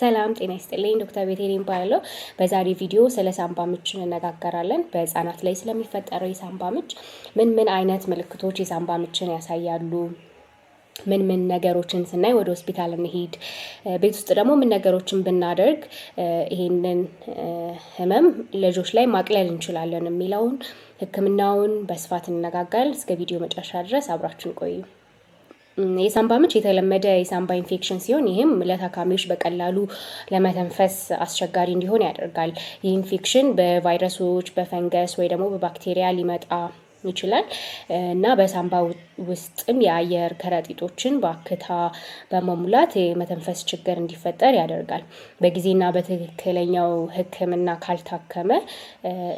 ሰላም ጤና ይስጥልኝ። ዶክተር ቤቴን ይባላለሁ። በዛሬ ቪዲዮ ስለ ሳምባ ምች እንነጋገራለን። በህጻናት ላይ ስለሚፈጠረው የሳምባ ምች ምን ምን አይነት ምልክቶች የሳምባ ምችን ያሳያሉ ምን ምን ነገሮችን ስናይ ወደ ሆስፒታል እንሄድ፣ ቤት ውስጥ ደግሞ ምን ነገሮችን ብናደርግ ይሄንን ህመም ልጆች ላይ ማቅለል እንችላለን የሚለውን ህክምናውን በስፋት እንነጋገራለን። እስከ ቪዲዮ መጨረሻ ድረስ አብራችን ቆዩ። የሳምባ ምች የተለመደ የሳምባ ኢንፌክሽን ሲሆን ይህም ለታካሚዎች በቀላሉ ለመተንፈስ አስቸጋሪ እንዲሆን ያደርጋል። ይህ ኢንፌክሽን በቫይረሶች፣ በፈንገስ ወይ ደግሞ በባክቴሪያ ሊመጣ ይችላል እና በሳንባ ውስጥም የአየር ከረጢቶችን በአክታ በመሙላት የመተንፈስ ችግር እንዲፈጠር ያደርጋል። በጊዜና በትክክለኛው ሕክምና ካልታከመ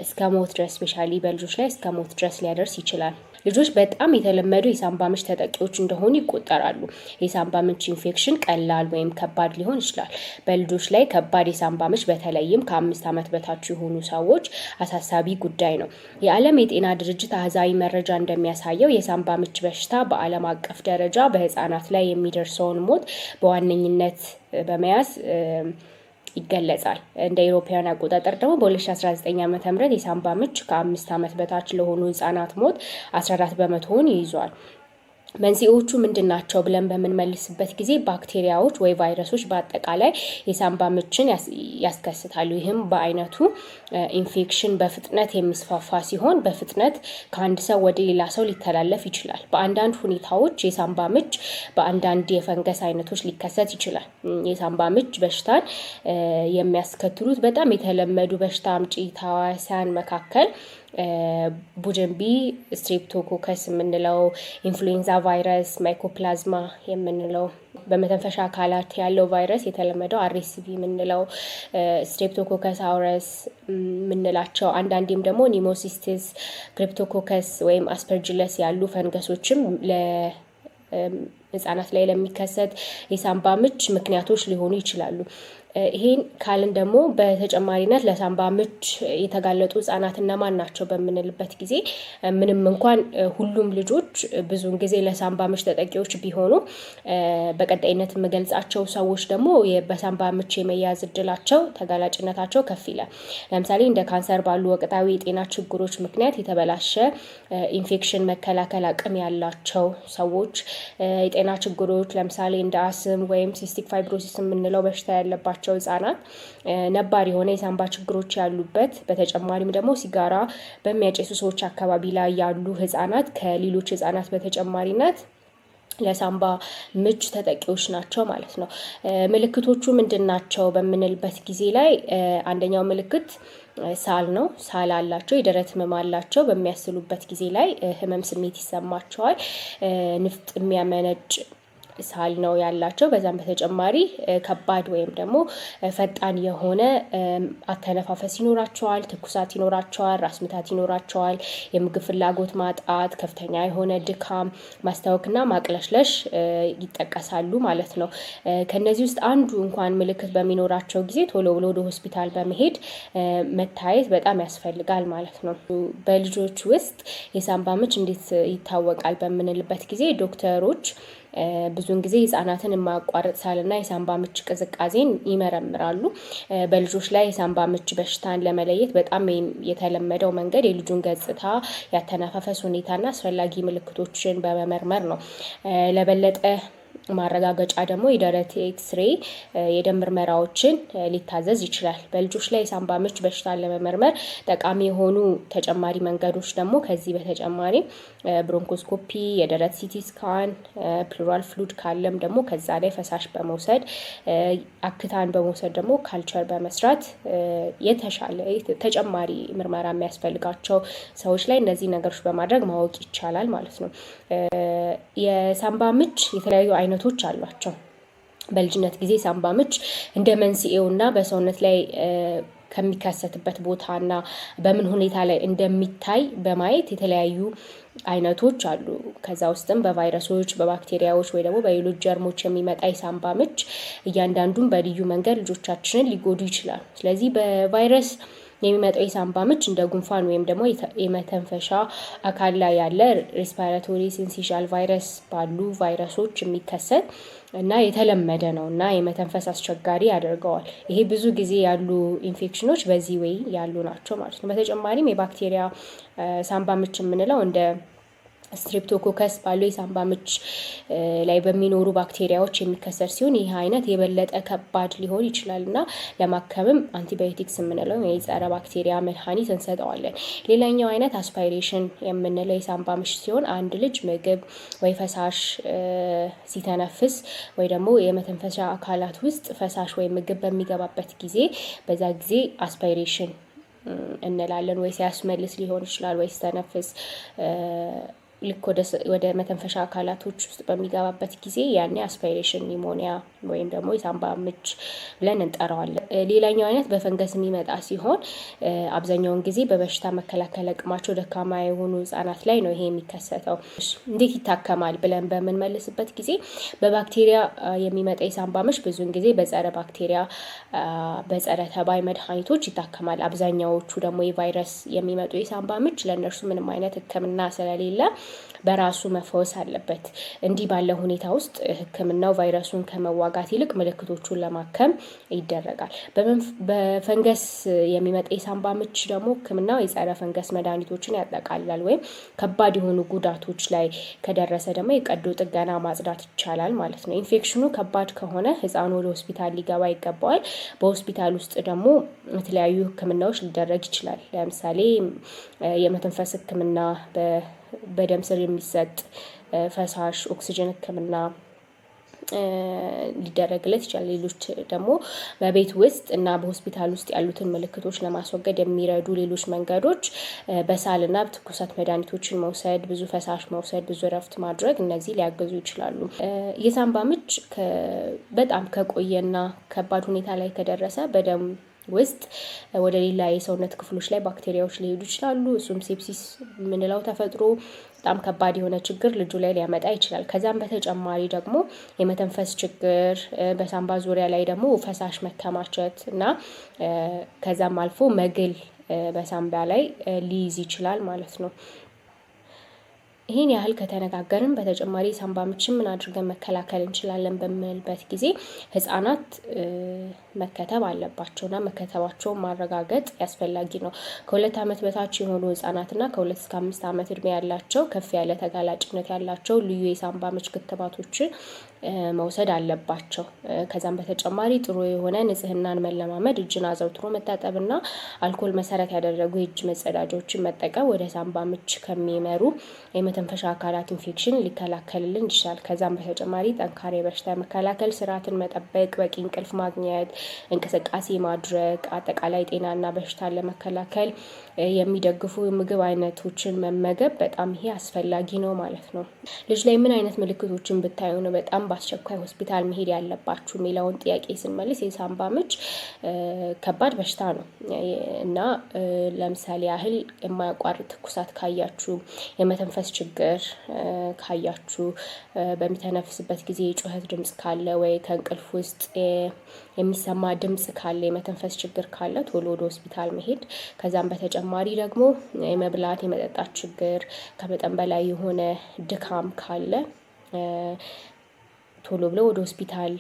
እስከ ሞት ድረስ ስፔሻሊ በልጆች ላይ እስከ ሞት ድረስ ሊያደርስ ይችላል። ልጆች በጣም የተለመዱ የሳምባ ምች ተጠቂዎች እንደሆኑ ይቆጠራሉ። የሳምባ ምች ኢንፌክሽን ቀላል ወይም ከባድ ሊሆን ይችላል። በልጆች ላይ ከባድ የሳምባ ምች በተለይም ከአምስት ዓመት በታች የሆኑ ሰዎች አሳሳቢ ጉዳይ ነው። የዓለም የጤና ድርጅት አህዛዊ መረጃ እንደሚያሳየው የሳምባ ምች በሽታ በዓለም አቀፍ ደረጃ በህፃናት ላይ የሚደርሰውን ሞት በዋነኝነት በመያዝ ይገለጻል። እንደ ኢሮፓውያን አቆጣጠር ደግሞ በ2019 ዓ ም የሳምባ ምች ከአምስት ዓመት በታች ለሆኑ ህጻናት ሞት 14 በመቶውን ይይዟል። መንስኤዎቹ ምንድን ናቸው ብለን በምንመልስበት ጊዜ ባክቴሪያዎች ወይ ቫይረሶች በአጠቃላይ የሳንባ ምችን ያስከስታሉ። ይህም በአይነቱ ኢንፌክሽን በፍጥነት የሚስፋፋ ሲሆን በፍጥነት ከአንድ ሰው ወደ ሌላ ሰው ሊተላለፍ ይችላል። በአንዳንድ ሁኔታዎች የሳምባ ምች በአንዳንድ የፈንገስ አይነቶች ሊከሰት ይችላል። የሳምባ ምች በሽታን የሚያስከትሉት በጣም የተለመዱ በሽታ አምጪ ተዋሲያን መካከል ቡጅንቢ፣ ስትሬፕቶኮከስ የምንለው ኢንፍሉዌንዛ ቫይረስ፣ ማይኮፕላዝማ የምንለው በመተንፈሻ አካላት ያለው ቫይረስ የተለመደው አሬሲቪ የምንለው ስትሬፕቶኮከስ አውረስ የምንላቸው አንዳንዴም ደግሞ ኒሞሲስቲስ፣ ክሪፕቶኮከስ ወይም አስፐርጅለስ ያሉ ፈንገሶችም ህጻናት ላይ ለሚከሰት የሳምባ ምች ምክንያቶች ሊሆኑ ይችላሉ። ይሄን ካልን ደግሞ በተጨማሪነት ለሳምባ ምች የተጋለጡ ህጻናት እነማን ናቸው በምንልበት ጊዜ ምንም እንኳን ሁሉም ልጆች ብዙውን ጊዜ ለሳምባ ምች ተጠቂዎች ቢሆኑ በቀጣይነት የምገልጻቸው ሰዎች ደግሞ በሳምባ ምች የመያዝ እድላቸው ተጋላጭነታቸው ከፍ ይላል። ለምሳሌ እንደ ካንሰር ባሉ ወቅታዊ የጤና ችግሮች ምክንያት የተበላሸ ኢንፌክሽን መከላከል አቅም ያላቸው ሰዎች የጤና ችግሮች ለምሳሌ እንደ አስም ወይም ሲስቲክ ፋይብሮሲስ የምንለው በሽታ ያለባቸው ያላቸው ህጻናት ነባር የሆነ የሳንባ ችግሮች ያሉበት በተጨማሪም ደግሞ ሲጋራ በሚያጨሱ ሰዎች አካባቢ ላይ ያሉ ህጻናት ከሌሎች ህጻናት በተጨማሪነት ለሳምባ ምች ተጠቂዎች ናቸው ማለት ነው። ምልክቶቹ ምንድን ናቸው በምንልበት ጊዜ ላይ አንደኛው ምልክት ሳል ነው። ሳል አላቸው፣ የደረት ህመም አላቸው። በሚያስሉበት ጊዜ ላይ ህመም ስሜት ይሰማቸዋል። ንፍጥ የሚያመነጭ ሳል ነው ያላቸው። በዛም በተጨማሪ ከባድ ወይም ደግሞ ፈጣን የሆነ አተነፋፈስ ይኖራቸዋል፣ ትኩሳት ይኖራቸዋል፣ ራስ ምታት ይኖራቸዋል፣ የምግብ ፍላጎት ማጣት፣ ከፍተኛ የሆነ ድካም፣ ማስታወክና ማቅለሽለሽ ይጠቀሳሉ ማለት ነው። ከነዚህ ውስጥ አንዱ እንኳን ምልክት በሚኖራቸው ጊዜ ቶሎ ብሎ ወደ ሆስፒታል በመሄድ መታየት በጣም ያስፈልጋል ማለት ነው። በልጆች ውስጥ የሳምባ ምች እንዴት ይታወቃል በምንልበት ጊዜ ዶክተሮች ብዙውን ጊዜ ህጻናትን የማያቋርጥ ሳልና የሳንባ ምች ቅዝቃዜን ይመረምራሉ። በልጆች ላይ የሳንባ ምች በሽታን ለመለየት በጣም የተለመደው መንገድ የልጁን ገጽታ፣ ያተነፋፈስ ሁኔታና አስፈላጊ ምልክቶችን በመመርመር ነው። ለበለጠ ማረጋገጫ ደግሞ የደረት ኤክስሬ የደም ምርመራዎችን ሊታዘዝ ይችላል። በልጆች ላይ የሳምባ ምች በሽታን ለመመርመር ጠቃሚ የሆኑ ተጨማሪ መንገዶች ደግሞ ከዚህ በተጨማሪ ብሮንኮስኮፒ፣ የደረት ሲቲ ስካን፣ ፕሉራል ፍሉድ ካለም ደግሞ ከዛ ላይ ፈሳሽ በመውሰድ አክታን በመውሰድ ደግሞ ካልቸር በመስራት የተሻለ ተጨማሪ ምርመራ የሚያስፈልጋቸው ሰዎች ላይ እነዚህ ነገሮች በማድረግ ማወቅ ይቻላል ማለት ነው። የሳምባ ምች የተለያዩ አይነቶች ምክንያቶች አሏቸው። በልጅነት ጊዜ ሳምባ ምች እንደ መንስኤውና በሰውነት ላይ ከሚከሰትበት ቦታና በምን ሁኔታ ላይ እንደሚታይ በማየት የተለያዩ አይነቶች አሉ። ከዛ ውስጥም በቫይረሶች፣ በባክቴሪያዎች ወይ ደግሞ በሌሎች ጀርሞች የሚመጣ የሳምባ ምች እያንዳንዱን በልዩ መንገድ ልጆቻችንን ሊጎዱ ይችላል። ስለዚህ በቫይረስ የሚመጣው የሳምባ ምች እንደ ጉንፋን ወይም ደግሞ የመተንፈሻ አካል ላይ ያለ ሬስፓራቶሪ ሲንሲሻል ቫይረስ ባሉ ቫይረሶች የሚከሰት እና የተለመደ ነው እና የመተንፈስ አስቸጋሪ ያደርገዋል። ይሄ ብዙ ጊዜ ያሉ ኢንፌክሽኖች በዚህ ወይ ያሉ ናቸው ማለት ነው። በተጨማሪም የባክቴሪያ ሳምባ ምች የምንለው እንደ ስትሪፕቶኮከስ ባለው የሳምባ ምች ላይ በሚኖሩ ባክቴሪያዎች የሚከሰት ሲሆን ይህ አይነት የበለጠ ከባድ ሊሆን ይችላል እና ለማከምም አንቲባዮቲክስ የምንለው የጸረ ባክቴሪያ መድኃኒት እንሰጠዋለን። ሌላኛው አይነት አስፓይሬሽን የምንለው የሳምባ ምች ሲሆን አንድ ልጅ ምግብ ወይ ፈሳሽ eh, ሲተነፍስ ወይ ደግሞ የመተንፈሻ አካላት ውስጥ ፈሳሽ ወይ ምግብ በሚገባበት ጊዜ በዛ ጊዜ አስፓይሬሽን eh, እንላለን። ወይ ሲያስመልስ ሊሆን ይችላል ወይ ሲተነፍስ eh, ልክ ወደ መተንፈሻ አካላቶች ውስጥ በሚገባበት ጊዜ ያኔ አስፓይሬሽን ኒሞኒያ ወይም ደግሞ የሳምባ ምች ብለን እንጠራዋለን። ሌላኛው አይነት በፈንገስ የሚመጣ ሲሆን አብዛኛውን ጊዜ በበሽታ መከላከል አቅማቸው ደካማ የሆኑ ህጻናት ላይ ነው ይሄ የሚከሰተው። እንዴት ይታከማል ብለን በምንመልስበት ጊዜ በባክቴሪያ የሚመጣ የሳምባ ምች ብዙውን ጊዜ በጸረ ባክቴሪያ በጸረ ተባይ መድኃኒቶች ይታከማል። አብዛኛዎቹ ደግሞ የቫይረስ የሚመጡ የሳምባ ምች ለእነርሱ ምንም አይነት ህክምና ስለሌለ በራሱ መፈወስ አለበት። እንዲህ ባለ ሁኔታ ውስጥ ሕክምናው ቫይረሱን ከመዋጋት ይልቅ ምልክቶቹን ለማከም ይደረጋል። በፈንገስ የሚመጣ የሳንባ ምች ደግሞ ሕክምና የጸረ ፈንገስ መድኃኒቶችን ያጠቃልላል። ወይም ከባድ የሆኑ ጉዳቶች ላይ ከደረሰ ደግሞ የቀዶ ጥገና ማጽዳት ይቻላል ማለት ነው። ኢንፌክሽኑ ከባድ ከሆነ ህፃኑ ወደ ሆስፒታል ሊገባ ይገባዋል። በሆስፒታል ውስጥ ደግሞ የተለያዩ ሕክምናዎች ሊደረግ ይችላል። ለምሳሌ የመተንፈስ ሕክምና በደም ስር የሚሰጥ ፈሳሽ ኦክሲጅን ህክምና ሊደረግለት ይችላል። ሌሎች ደግሞ በቤት ውስጥ እና በሆስፒታል ውስጥ ያሉትን ምልክቶች ለማስወገድ የሚረዱ ሌሎች መንገዶች በሳልና ትኩሳት መድኃኒቶችን መውሰድ፣ ብዙ ፈሳሽ መውሰድ፣ ብዙ እረፍት ማድረግ እነዚህ ሊያገዙ ይችላሉ። የሳንባ ምች በጣም ከቆየና ከባድ ሁኔታ ላይ ከደረሰ በደም ውስጥ ወደ ሌላ የሰውነት ክፍሎች ላይ ባክቴሪያዎች ሊሄዱ ይችላሉ። እሱም ሴፕሲስ የምንለው ተፈጥሮ በጣም ከባድ የሆነ ችግር ልጁ ላይ ሊያመጣ ይችላል። ከዛም በተጨማሪ ደግሞ የመተንፈስ ችግር፣ በሳምባ ዙሪያ ላይ ደግሞ ፈሳሽ መከማቸት እና ከዛም አልፎ መግል በሳምባ ላይ ሊይዝ ይችላል ማለት ነው። ይሄን ያህል ከተነጋገርን በተጨማሪ ሳንባ ምችን ምን አድርገን መከላከል እንችላለን በምንልበት ጊዜ ህጻናት መከተብ አለባቸውና መከተባቸውን ማረጋገጥ ያስፈላጊ ነው። ከሁለት ዓመት በታች የሆኑ ህጻናትና ከሁለት እስከ አምስት ዓመት እድሜ ያላቸው ከፍ ያለ ተጋላጭነት ያላቸው ልዩ የሳንባ ምች ክትባቶችን መውሰድ አለባቸው። ከዛም በተጨማሪ ጥሩ የሆነ ንጽህናን መለማመድ፣ እጅን አዘውትሮ መታጠብና አልኮል መሰረት ያደረጉ የእጅ መጸዳጃዎችን መጠቀም ወደ ሳምባ ምች ከሚመሩ የመተንፈሻ አካላት ኢንፌክሽን ሊከላከልልን ይችላል። ከዛም በተጨማሪ ጠንካራ የበሽታ መከላከል ስርዓትን መጠበቅ፣ በቂ እንቅልፍ ማግኘት፣ እንቅስቃሴ ማድረግ፣ አጠቃላይ ጤናና በሽታን ለመከላከል የሚደግፉ ምግብ አይነቶችን መመገብ በጣም ይሄ አስፈላጊ ነው ማለት ነው። ልጅ ላይ ምን አይነት ምልክቶችን ብታዩ ነው በጣም በአስቸኳይ ሆስፒታል መሄድ ያለባችሁ የሚለውን ጥያቄ ስንመልስ የሳምባ ምች ከባድ በሽታ ነው እና ለምሳሌ ያህል የማያቋርጥ ትኩሳት ካያችሁ፣ የመተንፈስ ችግር ካያችሁ፣ በሚተነፍስበት ጊዜ የጩኸት ድምጽ ካለ ወይ ከእንቅልፍ ውስጥ የሚሰማ ድምጽ ካለ፣ የመተንፈስ ችግር ካለ ቶሎ ወደ ሆስፒታል መሄድ። ከዛም በተጨማሪ ደግሞ የመብላት የመጠጣት ችግር ከመጠን በላይ የሆነ ድካም ካለ ቶሎ ብለው ወደ ሆስፒታል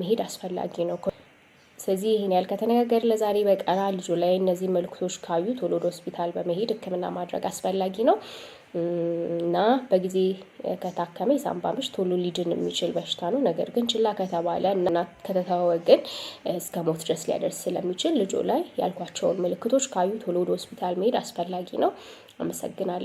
መሄድ አስፈላጊ ነው። ስለዚህ ይህን ያህል ከተነጋገር ለዛሬ በቀራ ልጁ ላይ እነዚህ ምልክቶች ካዩ ቶሎ ወደ ሆስፒታል በመሄድ ሕክምና ማድረግ አስፈላጊ ነው እና በጊዜ ከታከመ የሳንባ ምች ቶሎ ሊድን የሚችል በሽታ ነው። ነገር ግን ችላ ከተባለ እና ከተተወ ግን እስከ ሞት ድረስ ሊያደርስ ስለሚችል ልጆ ላይ ያልኳቸውን ምልክቶች ካዩ ቶሎ ወደ ሆስፒታል መሄድ አስፈላጊ ነው። አመሰግናለሁ።